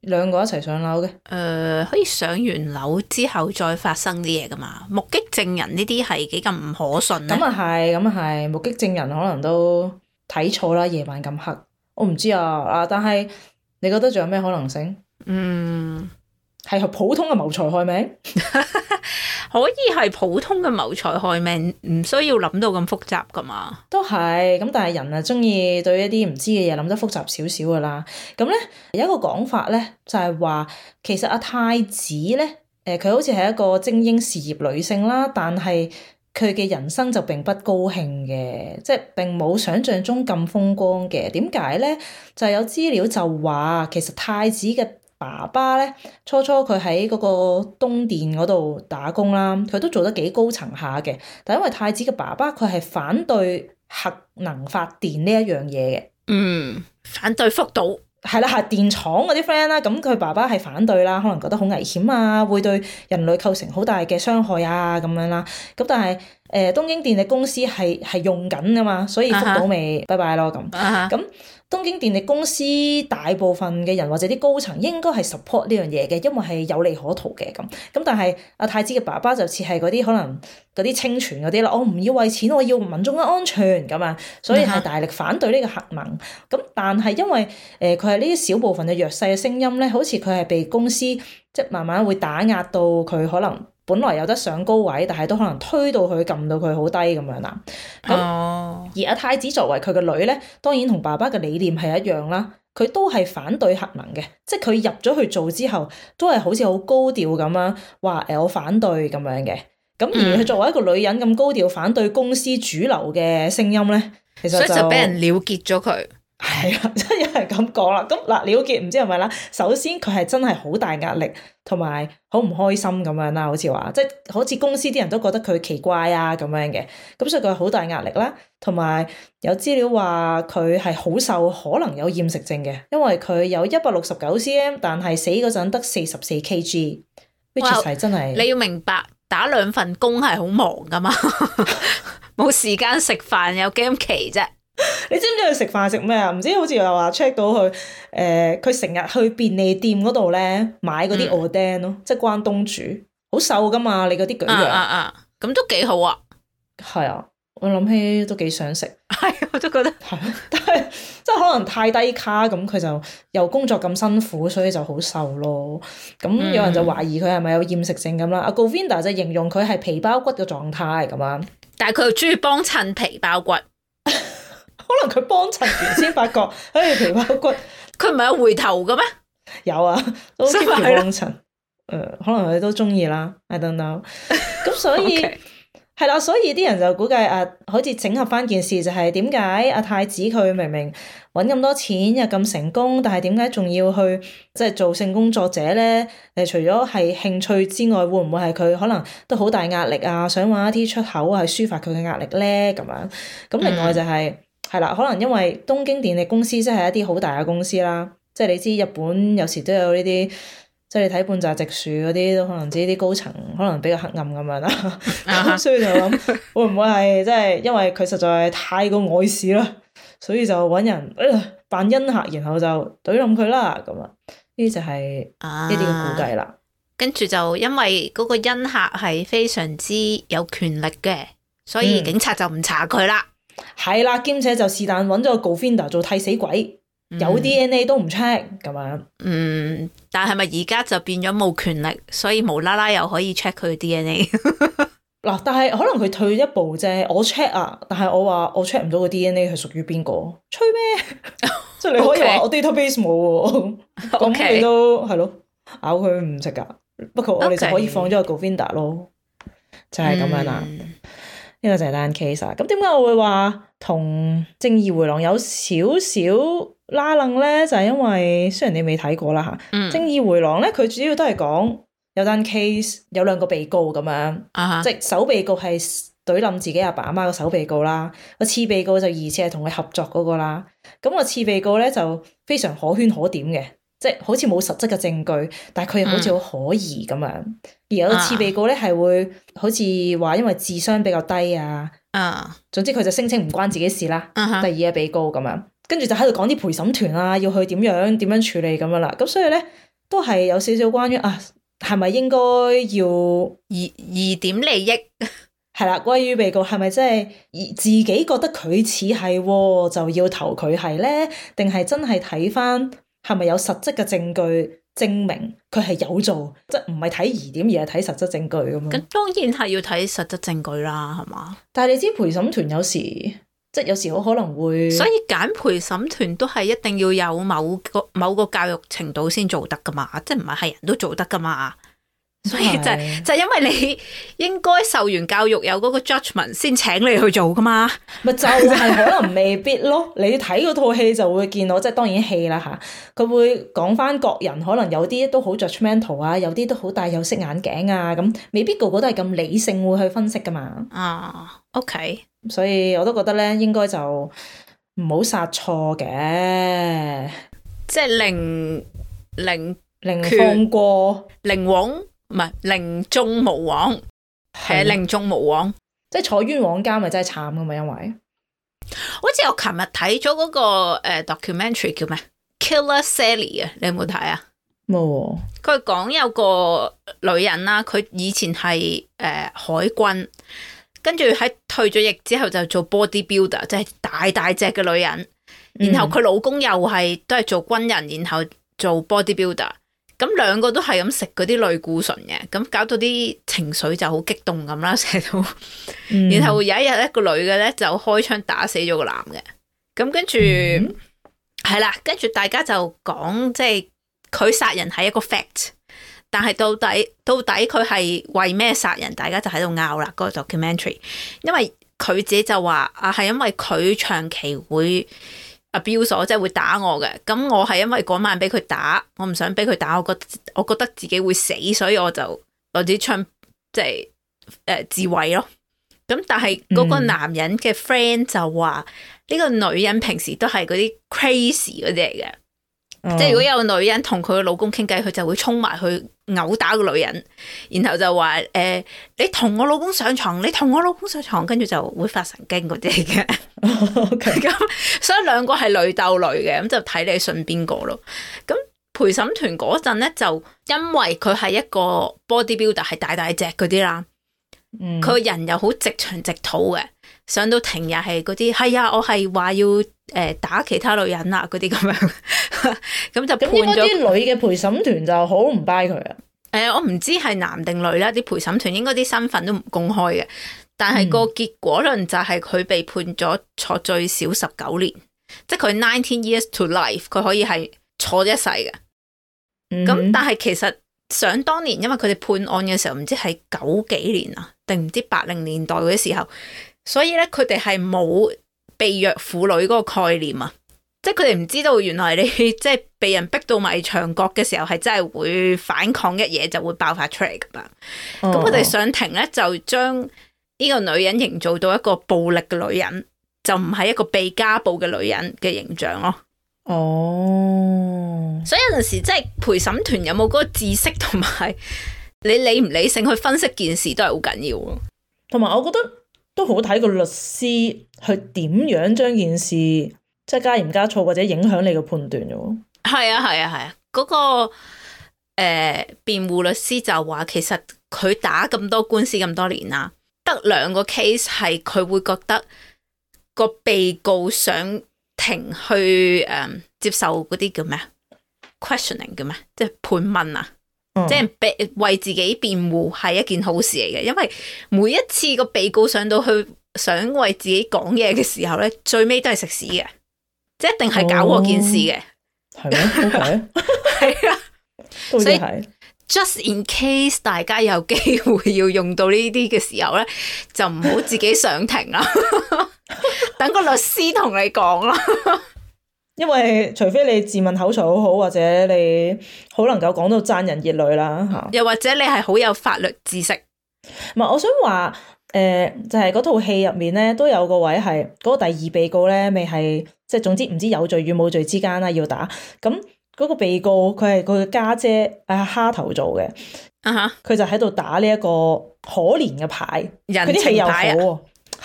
兩個一齊上樓嘅，誒、呃，可以上完樓之後再發生啲嘢噶嘛？目擊證人呢啲係幾咁唔可信啊？咁啊係，咁係，目擊證人可能都睇錯啦，夜晚咁黑，我唔知啊，啊，但係你覺得仲有咩可能性？嗯。係普通嘅謀財害命， [LAUGHS] 可以係普通嘅謀財害命，唔需要諗到咁複雜噶嘛。都係咁，但係人啊，中意對一啲唔知嘅嘢諗得複雜少少噶啦。咁咧有一個講法咧，就係話其實阿泰子咧，誒佢好似係一個精英事業女性啦，但係佢嘅人生就並不高興嘅，即係並冇想象中咁風光嘅。點解咧？就係有資料就話，其實泰子嘅爸爸咧，初初佢喺嗰個東電嗰度打工啦，佢都做得幾高層下嘅。但因為泰子嘅爸爸佢係反對核能發電呢一樣嘢嘅，嗯，反對福島係啦，核電廠嗰啲 friend 啦，咁佢爸爸係反對啦，可能覺得好危險啊，會對人類構成好大嘅傷害啊咁樣啦。咁但係誒、呃、東京電力公司係係用緊噶嘛，所以福島咪、啊、哈拜拜 e b 咯咁咁。啊哈東京電力公司大部分嘅人或者啲高層應該係 support 呢樣嘢嘅，因為係有利可圖嘅咁。咁但係阿太子嘅爸爸就似係嗰啲可能嗰啲清泉嗰啲啦，我唔要為錢，我要民眾嘅安全咁啊！所以係大力反對呢個核能。咁但係因為誒佢係呢啲小部分嘅弱勢嘅聲音咧，好似佢係被公司即係、就是、慢慢會打壓到佢可能。本來有得上高位，但係都可能推到佢，撳到佢好低咁樣啦。咁、oh. 而阿泰子作為佢嘅女咧，當然同爸爸嘅理念係一樣啦。佢都係反對核能嘅，即係佢入咗去做之後，都係好似好高調咁樣，話誒，我反對咁樣嘅。咁而佢作為一個女人咁高調反對公司主流嘅聲音咧，其實就俾人了結咗佢。係啦、哎，真係咁講啦。咁嗱，了結唔知係咪啦。首先佢係真係好大壓力，同埋好唔開心咁樣啦。好似話，即係好似公司啲人都覺得佢奇怪啊咁樣嘅。咁所以佢好大壓力啦，同埋有資料話佢係好瘦，可能有厭食症嘅。因為佢有一百六十九 cm，但係死嗰陣得四十四 kg，which 係真係。Really、你要明白打兩份工係好忙噶嘛，冇 [LAUGHS] 時間食飯有 game 期啫。 [LAUGHS] 你知唔知佢食飯食咩啊？唔知好似又話 check 到佢誒，佢成日去便利店嗰度咧買嗰啲 oden 咯，即係關東煮，好瘦噶嘛？你嗰啲腳樣，咁都幾好啊！係啊，我諗起都幾想食，係我都覺得但係即係可能太低卡，咁佢就又工作咁辛苦，所以就好瘦咯。咁、嗯、有人就懷疑佢係咪有厭食症咁啦。阿 Govinda 就形容佢係皮包骨嘅狀態咁啊，但係佢又中意幫襯皮包骨。 [LAUGHS] 可能佢幫襯完先發覺，誒 [LAUGHS] 皮包骨，佢唔係有回頭嘅咩？有啊，都 keep 住幫襯，誒、 [LAUGHS] 呃，可能佢都中意啦，I don't know。咁所以係啦 [LAUGHS] Okay.，所以啲人就估計，啊，好似整合翻件事，就是，就係點解阿泰子佢明明搵咁多錢又咁、啊、成功，但係點解仲要去即係、就是、做性工作者咧？誒，除咗係興趣之外，會唔會係佢可能都好大壓力啊？想搵一啲出口、啊、去抒發佢嘅壓力咧？咁樣，咁另外就係、是。Mm. 係啦，可能因為東京電力公司即係一啲好大嘅公司啦，即係你知日本有時都有呢啲，即係你睇半澤直樹嗰啲都可能知啲高層可能比較黑暗咁樣啦，咁 [LAUGHS] [LAUGHS] 所以就諗會唔會係即係因為佢實在太過礙事啦，所以就揾人扮恩客，然後就懟冧佢啦咁啊，呢啲就係呢啲嘅估計啦。跟住就因為嗰個恩客係非常之有權力嘅，所以警察就唔查佢啦。嗯係啦，兼且就是但揾咗個 Govinda 做替死鬼，嗯、有 DNA 都唔 check 咁樣。嗯，但係咪而家就變咗冇權力，所以無啦啦又可以 check 佢嘅 DNA？嗱，但係可能佢退一步啫。我 check 啊，但係我話我 check 唔到個 DNA 係屬於邊個，吹咩？即係你可以話我 database 冇喎，咁、 [LAUGHS] 嗯、 [LAUGHS] 你都係咯咬佢唔食噶。不過我哋就可以放咗個 Govinda 咯，Okay. 就係咁樣啦。嗯呢個就係單 case 啦，咁點解我會話同正義回廊有少少拉楞咧？就係、是、因為雖然你未睇過啦吓，嗯、正義回廊咧，佢主要都係講有單 case，有兩個被告咁樣，啊、哈即係首被告係懟冧自己阿爸阿媽個首被告啦，個次被告就而且係同佢合作嗰，那個啦，咁個次被告咧就非常可圈可點嘅。即係好似冇實質嘅證據，但係佢又好似好可疑咁樣。嗯、而有一次被告咧係會好似話因為智商比較低啊，啊，總之佢就聲稱唔關自己事啦。第二嘅被告咁樣，跟住就喺度講啲陪審團啊，要去點樣點樣處理咁樣啦。咁所以咧都係有少少關於啊，係咪應該要疑疑點利益係啦？ [LAUGHS] 關於被告係咪真係自自己覺得佢似係，就要投佢係咧？定係真係睇翻？係咪有實質嘅證據證明佢係有做？即係唔係睇疑點而係睇實質證據咁樣？咁當然係要睇實質證據啦，係嘛？但係你知陪審團有時即係有時好可能會，所以揀陪審團都係一定要有某個某個教育程度先做得㗎嘛，即係唔係係人都做得㗎嘛？所以就就因為你應該受完教育有嗰個 judgment 先，請你去做噶嘛，咪 [LAUGHS] 就係可能未必咯。你睇嗰套戲就會見到，即係當然戲啦吓。佢會講翻各人，可能有啲都好 judgmental 啊，有啲都好戴有色眼鏡啊，咁未必個個都係咁理性會去分析噶嘛。啊、uh,，OK。所以我都覺得咧，應該就唔好殺錯嘅，即係寧寧寧放過寧王。唔係寧縱無枉。係寧縱無枉。即係坐冤枉監，咪真係慘噶嘛？因為好似我琴日睇咗嗰個誒、呃、documentary 叫咩 Killer Sally 啊，你有冇睇啊？冇、哦。佢講有個女人啦，佢以前係誒、呃、海軍，跟住喺退咗役之後就做 bodybuilder，即係大大隻嘅女人。然後佢老公又係、嗯、都係做軍人，然後做 bodybuilder。咁兩個都係咁食嗰啲類固醇嘅，咁搞到啲情緒就好激動咁啦，成套。嗯、然後有一日咧，個女嘅咧就開槍打死咗個男嘅。咁跟住係啦，跟住大家就講，即係佢殺人係一個 fact，但係到底到底佢係為咩殺人？大家就喺度拗啦個 documentary，因為佢自己就話啊，係因為佢長期會。阿彪所即係會打我嘅，咁我係因為嗰晚俾佢打，我唔想俾佢打，我覺我覺得自己會死，所以我就攞支槍即係誒自衛咯。咁但係嗰個男人嘅 friend 就話呢、嗯、個女人平時都係嗰啲 crazy 啲嚟嘅。即係如果有女人同佢嘅老公傾偈，佢就會衝埋去毆打個女人，然後就話：誒、呃，你同我老公上床，你同我老公上床，跟住就會發神經嗰啲嘅。咁、 [LAUGHS] oh, okay. [LAUGHS] 所以兩個係女鬥女嘅，咁就睇你信邊個咯。咁陪審團嗰陣咧，就因為佢係一個 bodybuilder，係大大隻嗰啲啦，佢、mm. 個人又好直腸直肚嘅。上到庭日係嗰啲，係啊，我係話要誒、呃、打其他女人啊，嗰啲咁樣，咁 [LAUGHS] 就判咗。嗰啲女嘅陪審團就好唔 buy 佢啊。誒、嗯呃，我唔知係男定女啦，啲陪審團應該啲身份都唔公開嘅。但係個結果論就係佢被判咗坐最少十九年，即係佢 nineteen years to life，佢可以係坐一世嘅。咁、嗯、哼但係其實想當年，因為佢哋判案嘅時候，唔知係九幾年啊，定唔知八零年代嗰時候。所以咧，佢哋係冇被虐婦女嗰個概念啊，即係佢哋唔知道原來你即係被人逼到埋牆角嘅時候，係真係會反抗一嘢就會爆發出嚟噶嘛。咁佢哋上庭咧，就將呢個女人營造到一個暴力嘅女人，就唔係一個被家暴嘅女人嘅形象咯。哦，oh. 所以有陣時即係陪審團有冇嗰個知識同埋你理唔理性去分析件事都係好緊要咯。同埋我覺得。都好睇個律師去點樣將件事即係加鹽加醋，或者影響你個判斷 situação、哎那個判斷啫。喎、呃，係啊，係啊，係啊。嗰個誒辯護律師就話，其實佢打咁多官司咁多年啦，得兩個 case 係佢會覺得個被告上庭去誒、嗯、接受嗰啲叫咩啊？questioning 叫咩？即係盤問啊？即係辯為自己辯護係一件好事嚟嘅，因為每一次個被告上到去想為自己講嘢嘅時候咧，最尾都係食屎嘅，即一定係搞錯件事嘅，係咩、哦？係、okay. [LAUGHS] 啊，所以 just in case 大家有機會要用到呢啲嘅時候咧，就唔好自己上庭啦， [LAUGHS] [LAUGHS] 等個律師同你講啦。因為除非你自問口才好好，或者你好能夠講到讚人熱淚啦吓，又或者你係好有法律知識。唔係，我想話誒、呃，就係嗰套戲入面咧，都有個位係嗰、嗰個第二被告咧，未係即係總之唔知有罪與冇罪之間啦，要打。咁嗰個被告佢係佢嘅家姐，姐啊蝦頭做嘅，啊吓、uh，佢、huh. 就喺度打呢一個可憐嘅牌，人情牌又好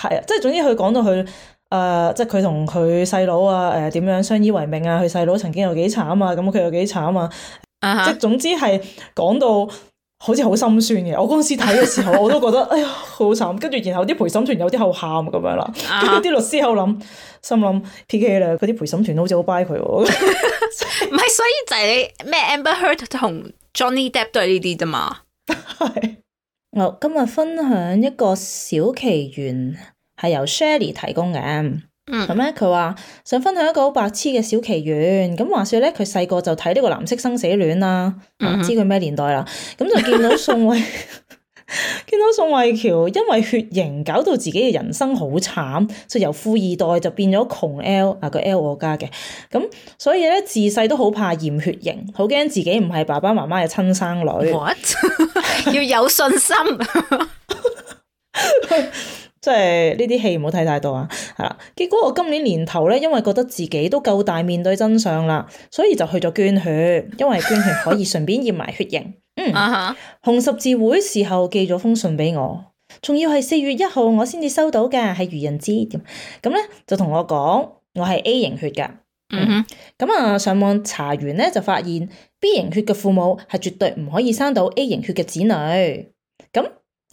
係啊，即係、啊、總之佢講到佢。誒，即係佢同佢細佬啊，誒點樣相依為命啊？佢細佬曾經有幾慘啊，咁佢有幾慘啊，即係總之係講到好似好心酸嘅。我嗰時睇嘅時候，我都覺得哎呀好慘。跟住然後啲陪審團有啲後喊咁樣啦，啲律師後諗心諗 PK 啦，嗰啲陪審團都好似好 buy 佢。唔係，所以就係你咩？Amber Heard 同 Johnny Depp 都係呢啲咋嘛？係我今日分享一個小奇緣。係由 Shelly 提供嘅。咁咧佢話想分享一個好白痴嘅小奇緣。咁話說咧，佢細個就睇呢個藍色生死戀啦，嗯、哼唔知佢咩年代啦。咁就見到宋慧見 [LAUGHS] [LAUGHS] 到宋慧喬，因為血型搞到自己嘅人生好慘，就由富二代就變咗窮 L 啊個 L 我家嘅。咁所以咧自細都好怕驗血型，好驚自己唔係爸爸媽媽嘅親生女。w What? [LAUGHS] 要有信心。 [LAUGHS] [LAUGHS] 即係呢啲戲唔好睇太多啊！係啦，結果我今年年頭咧，因為覺得自己都夠大面對真相啦，所以就去咗捐血，因為捐血可以順便驗埋血型。 [LAUGHS] 嗯，紅十字會時候寄咗封信畀我，仲要係四月一號我先至收到嘅，係愚人節。咁咧就同我講，我係 A 型血噶。嗯，嗯哼，咁啊、嗯、上網查完咧就發現 B 型血嘅父母係絕對唔可以生到 A 型血嘅子女。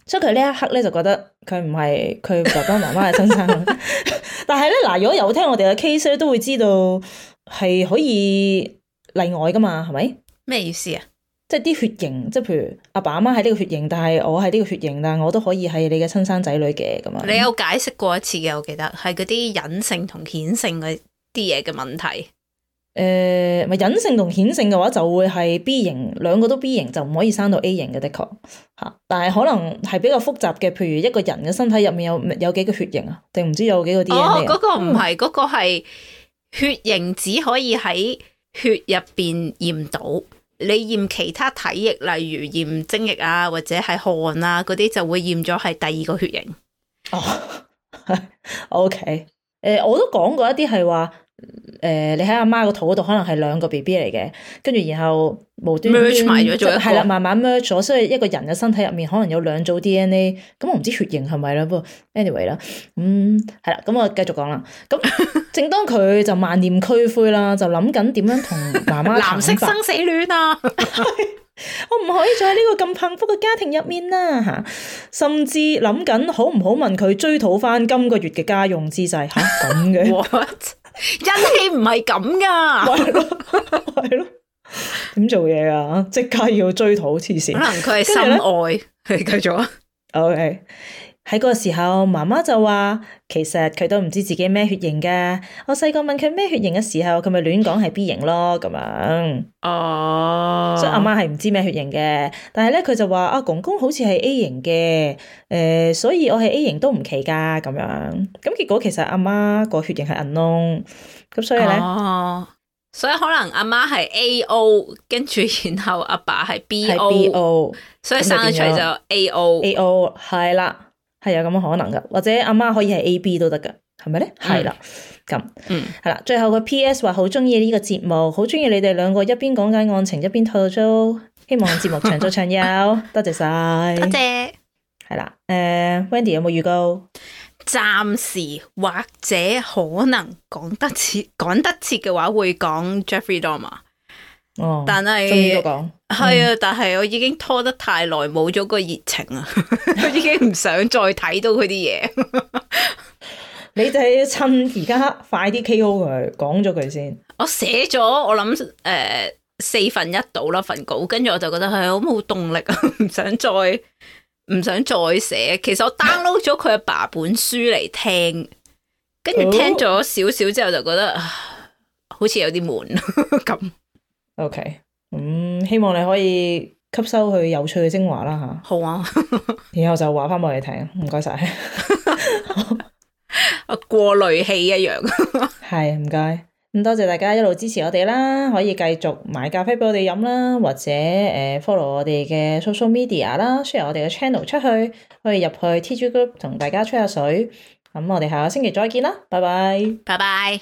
所以佢呢一刻咧就覺得佢唔係佢爸爸媽媽嘅親生， [LAUGHS] [LAUGHS] 但係咧嗱，如果有聽我哋嘅 case 咧，都會知道係可以例外噶嘛，係咪？咩意思啊？即係啲血型，即係譬如阿爸阿媽係呢個血型，但係我係呢個血型，但係我都可以係你嘅親生仔女嘅咁樣。你有解釋過一次嘅，我記得係嗰啲隱性同顯性嗰啲嘢嘅問題。誒，咪隱、呃、性同顯性嘅話，就會係 B 型，兩個都 B 型就唔可以生到 A 型嘅，的確吓。但係可能係比較複雜嘅，譬如一個人嘅身體入面有有幾個血型啊，定唔知有幾個啲嘢哦，嗰、那個唔係，嗰、那個係血型只可以喺血入邊驗到。你驗其他體液，例如驗精液啊，或者係汗啊嗰啲，就會驗咗係第二個血型。哦 [LAUGHS] ，OK，誒、呃，我都講過一啲係話。誒、呃，你喺阿媽個肚度可能係兩個 B B 嚟嘅，跟住然後無端端係啦，慢慢 merge 咗，所以一個人嘅身體入面可能有兩組 D N A，咁我唔知血型係咪啦，不過 anyway 啦、嗯，咁係啦，咁我繼續講啦。咁正當佢就萬念俱灰啦， [LAUGHS] 就諗緊點樣同媽媽藍色生死戀啊， [LAUGHS] [LAUGHS] 我唔可以再喺呢個咁幸福嘅家庭入面啦吓，甚至諗緊好唔好問佢追討翻今個月嘅家用之債吓咁嘅。啊 [LAUGHS] 人氣唔係咁噶，係咯，係咯，點做嘢啊？即刻要追討，黐線，可能佢係心愛。佢繼續啊，O K。 [LAUGHS] [LAUGHS] okay. 喺嗰個時候，媽媽就話，其實佢都唔知自己咩血型嘅。我細個問佢咩血型嘅時候，佢咪亂講係 B 型咯，咁樣。哦、啊，所以阿媽係唔知咩血型嘅，但係咧佢就話阿、啊、公公好似係 A 型嘅，誒、呃，所以我係 A 型都唔奇噶，咁樣。咁結果其實阿媽個血型係 unknown，咁所以咧、啊，所以可能阿媽係 A O，跟住然後阿爸係 B O，所以生咗出嚟就 A O，A O 係啦。係有咁可能噶，或者阿媽可以係 A B 都得噶，係咪咧？係啦，咁，嗯，係啦、嗯。最後個 P S 話好中意呢個節目，好中意你哋兩個一邊講緊案情，一邊吐槽，希望節目長做長有， [LAUGHS] 多謝晒，多謝。係啦，誒、uh,，Wendy 有冇預告？暫時或者可能講得切，講得切嘅話會講 Jeffrey Dormer，、er, 哦，但係是。係啊，但係我已經拖得太耐，冇咗個熱情啊，佢 [LAUGHS] 已經唔想再睇到佢啲嘢。 [LAUGHS] 你哋係趁而家快啲 KO 佢，講咗佢先我寫。我寫咗，我諗誒四分一到啦份稿，跟住我就覺得係、哎、好冇動力啊，唔 [LAUGHS] 想再唔想再寫。其實我 download 咗佢阿爸本書嚟聽，跟住聽咗少少之後，就覺得好似有啲悶咁。 [LAUGHS] 樣 OK。咁、嗯、希望你可以吸收佢有趣嘅精華啦吓，好啊， [LAUGHS] 然後就話翻俾我哋聽，唔該晒，啊 [LAUGHS] [LAUGHS] [LAUGHS] 過濾器一樣， [LAUGHS] 係唔該，咁多謝大家一路支持我哋啦，可以繼續買咖啡俾我哋飲啦，或者、呃、follow 我哋嘅 social media 啦，share 我哋嘅 channel 出去，可以入去 TG Group 同大家吹下水，咁我哋下個星期再見啦，拜拜，拜拜。